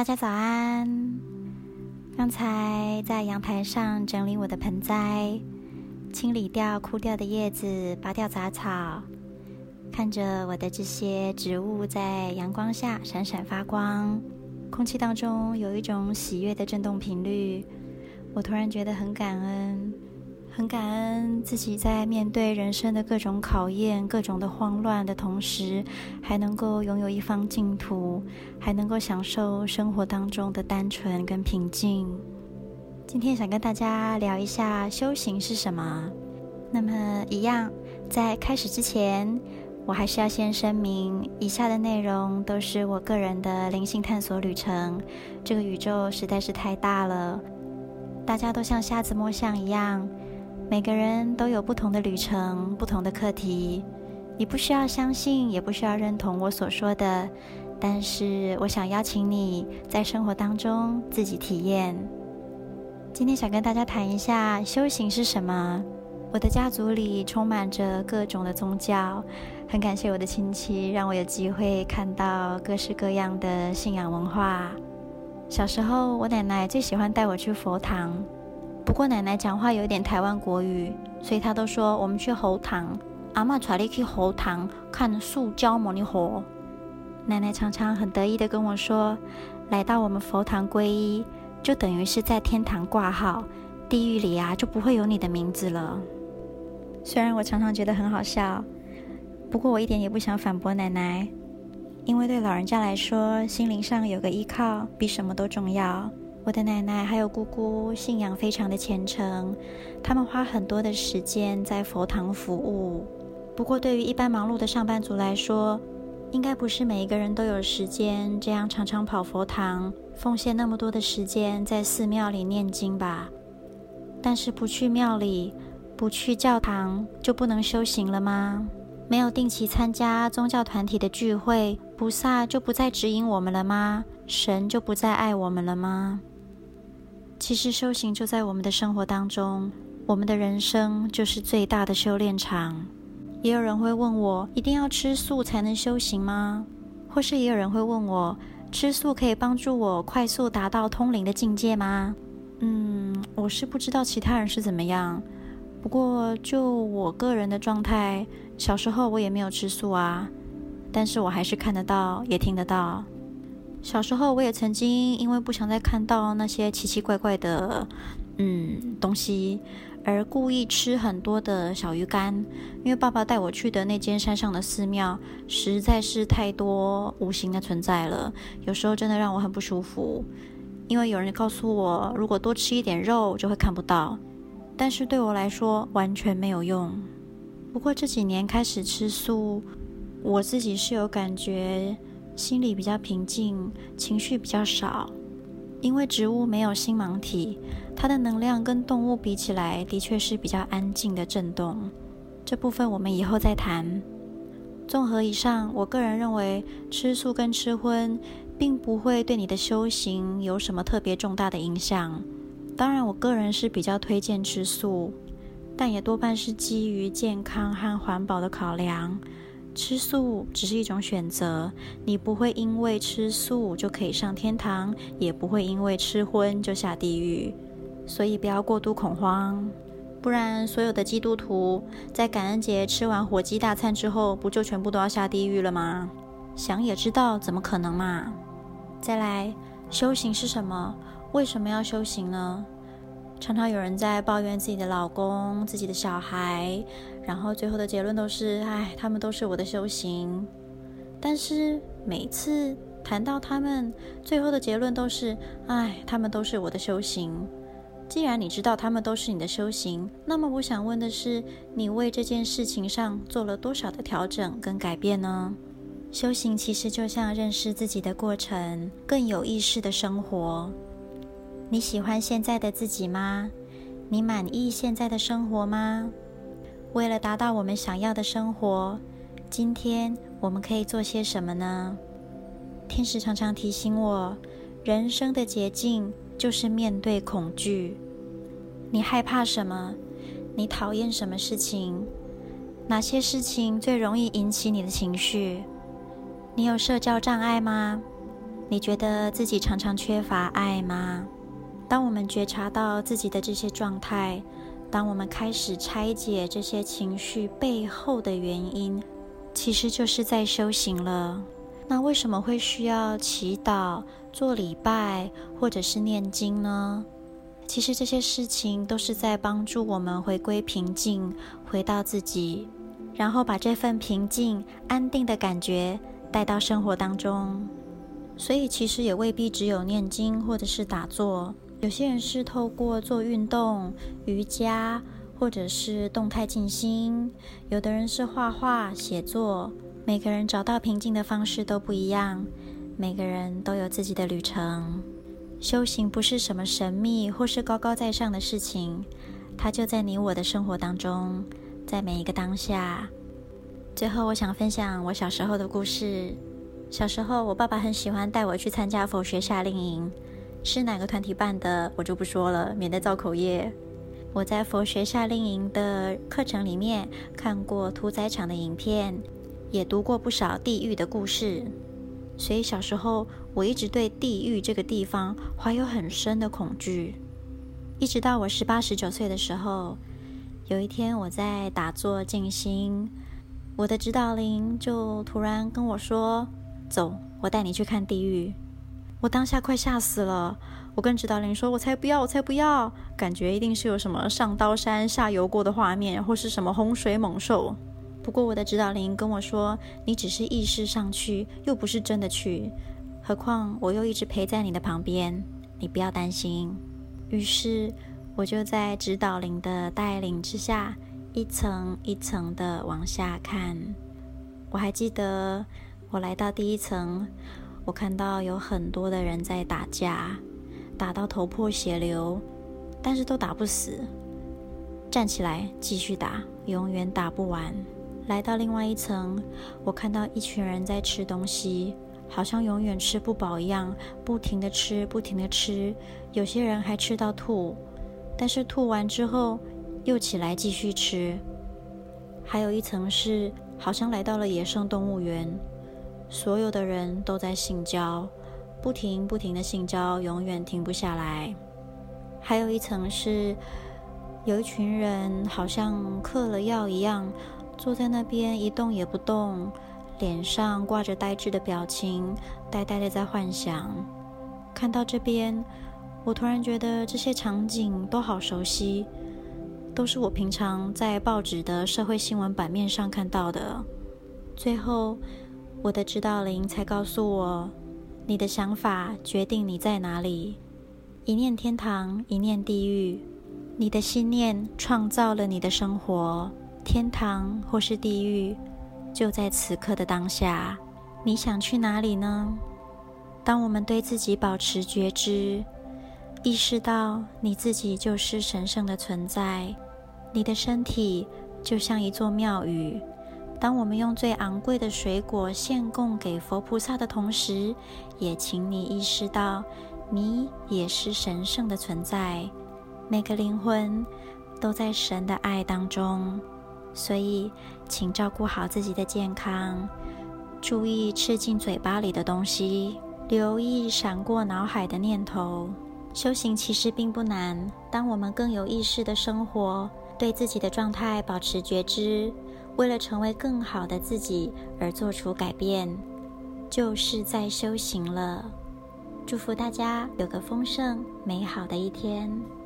大家早安！剛才在陽台上整理我的盆栽，清理掉枯掉的葉子，拔掉雜草，看着我的這些植物在陽光下閃閃發光，空氣當中有一種喜悅的振動頻率，我突然覺得很感恩。很感恩自己在面對人生的各種考驗、各種的慌亂的同時，還能夠擁有一方淨土，還能夠享受生活當中的單純跟平靜。今天想跟大家聊一下修行是什麼。那麼，一樣，在開始之前，我還是要先聲明，以下的內容都是我個人的靈性探索旅程。這個宇宙實在是太大了，大家都像瞎子摸象一樣。每個人都有不同的旅程，不同的課題。你不需要相信，也不需要認同我所說的，但是我想邀請你在生活當中自己體驗。今天想跟大家談一下修行是什麼。我的家族裡充滿着各種的宗教，很感謝我的親戚讓我有機會看到各式各樣的信仰文化。小時候，我奶奶最喜歡帶我去佛堂。不過奶奶講話有點台灣國語，所以她都說我們去猴堂，阿媽帶你去猴堂看塑膠模尼火。奶奶常常很得意的跟我說，來到我們佛堂皈依，就等於是在天堂掛號，地獄裡啊就不會有你的名字了。雖然我常常覺得很好笑，不過我一點也不想反駁奶奶，因為對老人家來說，心靈上有個依靠比什麼都重要。我的奶奶還有姑姑信仰非常的虔誠，他們花很多的時間在佛堂服務。不過，對於一般忙碌的上班族來說，應該不是每一個人都有時間這樣常常跑佛堂，奉獻那麼多的時間在寺廟裡念經吧？但是不去廟裡，不去教堂，就不能修行了嗎？沒有定期參加宗教團體的聚會，菩薩就不再指引我們了嗎？神就不再愛我們了嗎？其實修行就在我們的生活當中，我們的人生就是最大的修煉場。也有人會問我，一定要吃素才能修行嗎？或是也有人會問我，吃素可以幫助我快速達到通靈的境界嗎？嗯，我是不知道其他人是怎麼樣，不過就我個人的狀態，小時候我也沒有吃素啊，但是我還是看得到，也聽得到。小時候，我也曾經因為不想再看到那些奇奇怪怪的，嗯，東西，而故意吃很多的小魚乾。因為爸爸帶我去的那間山上的寺廟，實在是太多無形的存在了，有時候真的讓我很不舒服。因為有人告訴我，如果多吃一點肉，就會看不到。但是對我來說，完全沒有用。不過這幾年開始吃素，我自己是有感覺。心裡比較平靜，情緒比較少，因為植物沒有星芒體，它的能量跟動物比起來，的確是比較安靜的震動。這部分我們以後再談。綜合以上，我個人認為吃素跟吃葷，並不會對你的修行有什麼特別重大的影響。當然，我個人是比較推薦吃素，但也多半是基於健康和環保的考量。吃素只是一種選擇，你不會因為吃素就可以上天堂，也不會因為吃葷就下地獄，所以不要過度恐慌，不然所有的基督徒在感恩節吃完火雞大餐之後，不就全部都要下地獄了嗎？想也知道，怎麼可能嘛啊？再來，修行是什麼？為什麼要修行呢？常常有人在抱怨自己的老公、自己的小孩，然後最後的結論都是：哎，他們都是我的修行。但是每次談到他們，最後的結論都是：哎，他們都是我的修行。既然你知道他們都是你的修行，那麼我想問的是，你為這件事情上做了多少的調整跟改變呢？修行其實就像認識自己的過程，更有意識的生活。你喜歡現在的自己嗎？你滿意現在的生活嗎？為了達到我們想要的生活，今天我們可以做些什麼呢？天使常常提醒我，人生的捷徑就是面對恐懼。你害怕什麼？你討厭什麼事情？哪些事情最容易引起你的情緒？你有社交障礙嗎？你覺得自己常常缺乏愛嗎？當我們覺察到自己的這些狀態，當我們開始拆解這些情緒背後的原因，其實就是在修行了。那為什麼會需要祈禱、做禮拜或者是念經呢？其實這些事情都是在幫助我們回歸平靜，回到自己，然後把這份平靜、安定的感覺帶到生活當中。所以，其實也未必只有念經或者是打坐。有些人是透過做運動、瑜伽，或者是動態靜心；有的人是畫畫、寫作。每個人找到平靜的方式都不一樣，每個人都有自己的旅程。修行不是什麼神祕或是高高在上的事情，它就在你我的生活當中，在每一個當下。最後，我想分享我小時候的故事。小時候，我爸爸很喜歡帶我去參加佛學夏令營。是哪個團體辦的，我就不說了，免得造口業。我在佛學夏令營的課程裡面看過屠宰場的影片，也讀過不少地獄的故事，所以小時候我一直對地獄這個地方懷有很深的恐懼。一直到我十八、十九歲的時候，有一天我在打坐靜心，我的指導靈就突然跟我說：“走，我帶你去看地獄。”我當下快嚇死了，我跟指導靈說：“我才不要，我才不要！感覺一定是有什麼上刀山下油鍋的畫面，或是什麼洪水猛獸。”不過我的指導靈跟我說：“你只是意識上去，又不是真的去，何況我又一直陪在你的旁邊，你不要擔心。”於是我就在指導靈的帶領之下，一層一層的往下看。我還記得我來到第一層。我看到有很多的人在打架，打到頭破血流，但是都打不死，站起來繼續打，永遠打不完。來到另外一層，我看到一群人在吃東西，好像永遠吃不飽一樣，不停的吃，不停的吃，有些人還吃到吐，但是吐完之後又起來繼續吃。還有一層是好像來到了野生動物園。所有的人都在性交，不停不停的性交，永遠停不下來。還有一層是，有一群人好像嗑了藥一樣，坐在那邊一動也不動，臉上掛着呆滯的表情，呆呆的在幻想。看到這邊，我突然覺得這些場景都好熟悉，都是我平常在報紙的社會新聞版面上看到的。最後，我的指導靈才告訴我，你的想法決定你在哪裡。一念天堂，一念地獄。你的信念創造了你的生活，天堂或是地獄，就在此刻的當下。你想去哪裡呢？當我們對自己保持覺知，意識到你自己就是神聖的存在，你的身體就像一座廟宇。當我們用最昂貴的水果獻供給佛菩薩的同時，也請你意識到，你也是神聖的存在。每個靈魂都在神的愛當中，所以請照顧好自己的健康，注意吃進嘴巴裡的東西，留意閃過腦海的念頭。修行其實並不難，當我們更有意識地生活，對自己的狀態保持覺知。為了成為更好的自己而做出改變，就是在修行了。祝福大家有個豐盛美好的一天。